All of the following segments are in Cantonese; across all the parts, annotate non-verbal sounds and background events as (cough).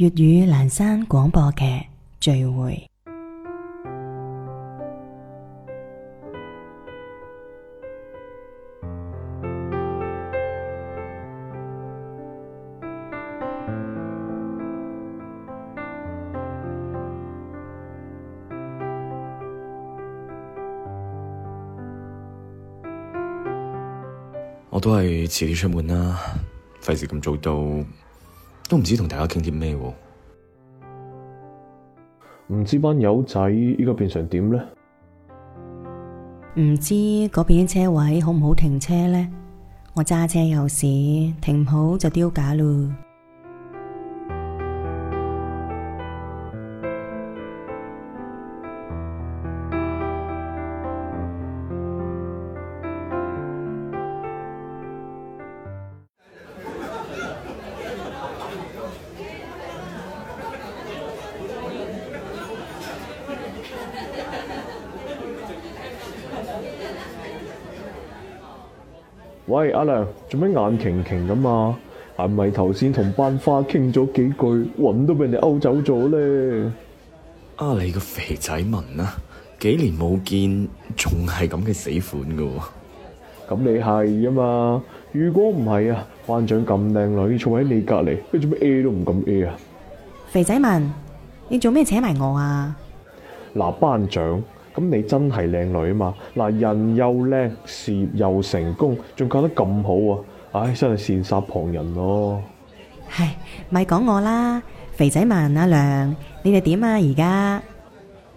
粵語闌珊廣播劇聚會， (music) 我都係遲啲出門啦，費事咁早到。都唔知同大家傾啲咩，唔知班友仔而家變成點咧？唔知嗰邊啲車位好唔好停車咧？我揸車有事，停唔好就丟架咯。喂，阿亮，做咩眼瓊瓊咁啊？係咪頭先同班花傾咗幾句，魂都俾人勾走咗咧？啊，你個肥仔文啊，幾年冇見，仲係咁嘅死款噶、啊？咁、啊、你係啊嘛？如果唔係啊，班長咁靚女坐喺你隔籬，你做咩 A 都唔敢 A 啊？肥仔文，你做咩扯埋我啊？嗱、啊，班長。咁你真係靚女啊嘛！嗱，人又叻，事業又成功，仲搞得咁好啊！唉，真係羨煞旁人咯。唉，咪講我啦？肥仔文阿良，你哋點啊？而家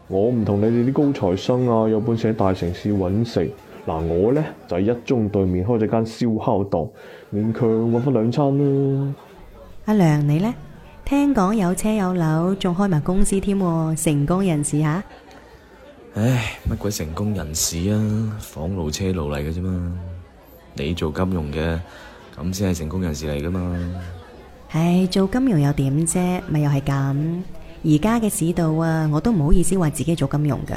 我唔同你哋啲高材生啊，有本事喺大城市揾食。嗱，我呢，就喺一中對面開咗間燒烤檔，勉強揾翻兩餐啦。阿良，你呢？聽講有車有樓，仲開埋公司添，成功人士吓。啊唉，乜鬼成功人士啊？房路車路嚟嘅啫嘛。你做金融嘅，咁先係成功人士嚟噶嘛。唉，做金融又點啫？咪又係咁。而家嘅市道啊，我都唔好意思話自己做金融噶。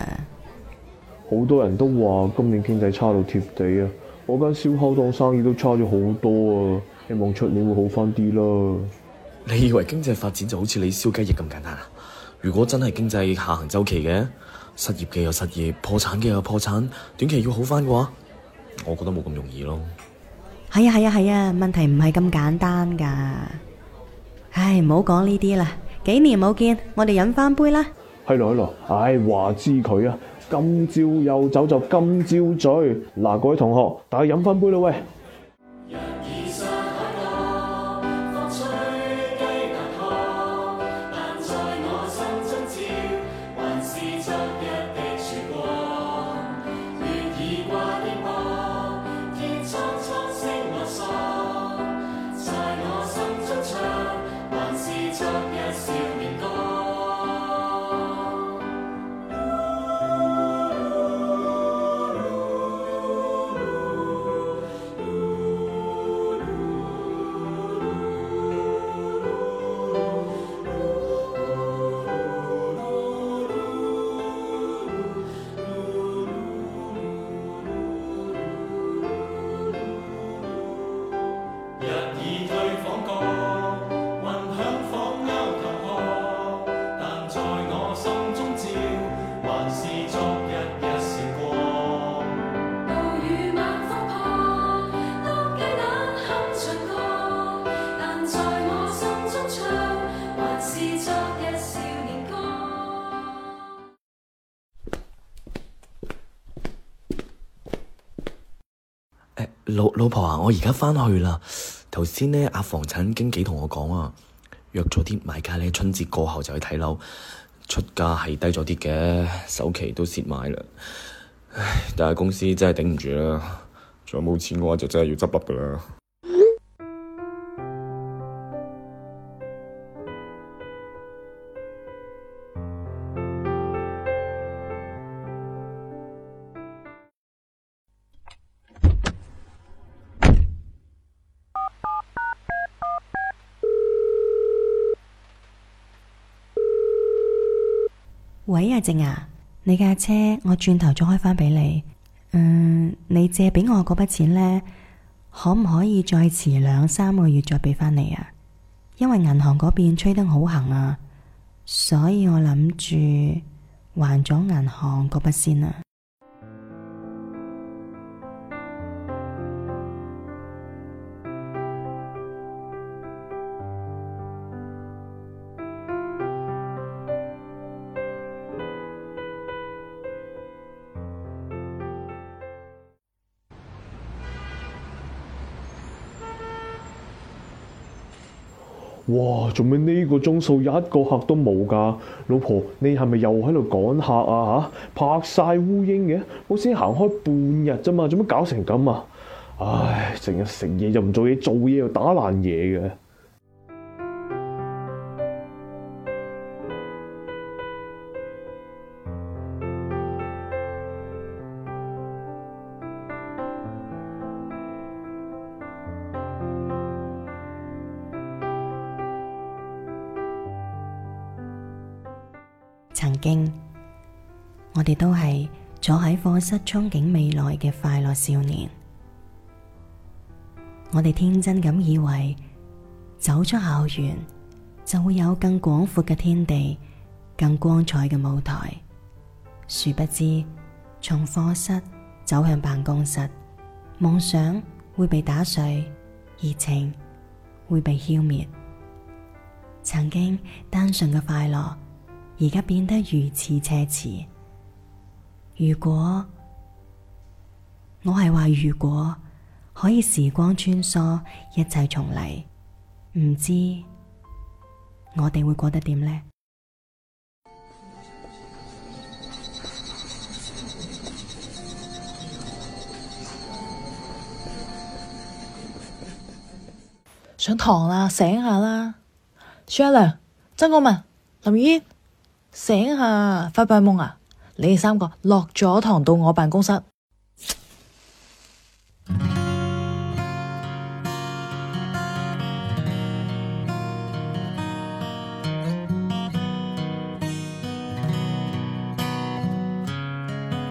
好多人都話今年經濟差到貼地啊，我間燒烤檔生意都差咗好多啊。希望出年會好翻啲啦。你以為經濟發展就好似你燒雞翼咁簡單啊？如果真係經濟下行周期嘅、啊？失業嘅又失業，破產嘅又破產，短期要好翻嘅話，我覺得冇咁容易咯。係啊係啊係啊，問題唔係咁簡單噶。唉，唔好講呢啲啦，幾年冇見，我哋飲翻杯啦。係咯係咯，唉、哎，話知佢啊，今朝有酒就今朝醉。嗱、啊，各位同學，大家飲翻杯啦喂。老老婆啊，我而家返去啦。頭先呢，阿房產經紀同我講啊，約咗啲買家咧，春節過後就去睇樓。出價係低咗啲嘅，首期都蝕埋啦。唉，但係公司真係頂唔住啦，仲有冇錢嘅話就真係要執笠噶啦。.喂，阿靜啊，你架車我轉頭再開返畀你。嗯，你借畀我嗰筆錢呢？可唔可以再遲兩三個月再畀返你啊？因為銀行嗰邊催得好狠啊，所以我諗住還咗銀行嗰筆先啊。哇！做咩呢個鐘數一個客都冇㗎？老婆，你係咪又喺度趕客啊？嚇、啊，拍晒烏蠅嘅，我先行開半日咋嘛？做乜搞成咁啊？唉，成日食嘢又唔做嘢，做嘢又打爛嘢嘅。曾經，我哋都係坐喺課室憧憬未來嘅快樂少年，我哋天真咁以為走出校園就會有更廣闊嘅天地、更光彩嘅舞台。殊不知，從課室走向辦公室，夢想會被打碎，熱情會被消滅，曾經單純嘅快樂，而家變得如此奢侈。如果我係話，如果可以時光穿梭一，一切重嚟，唔知我哋會過得點呢？上堂啦，醒下啦，朱一良、曾國文、林煙。醒下，發白夢啊！你哋三個落咗堂到我辦公室。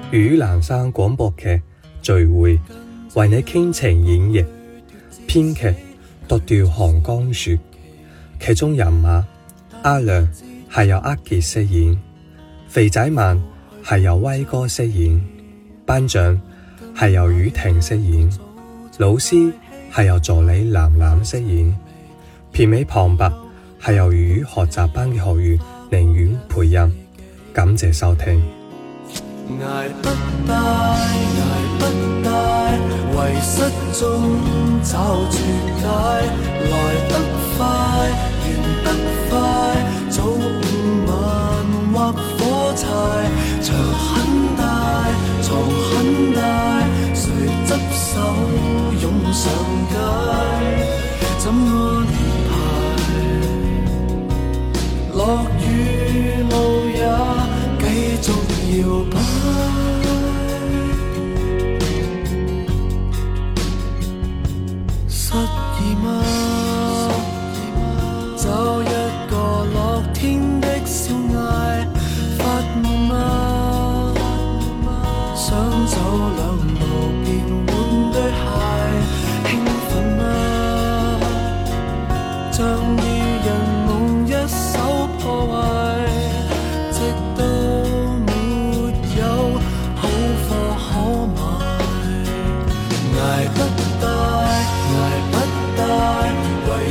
粵語闌珊廣播劇聚會為你傾情演繹，編劇獨釣寒江雪，劇中人物阿良。係由阿杰飾演，肥仔文係由威哥飾演，班長係由宇婷飾演，老師係由助理藍藍飾演，片尾旁白係由粵語學習班嘅學員寧遠配音，感謝收聽。 (music)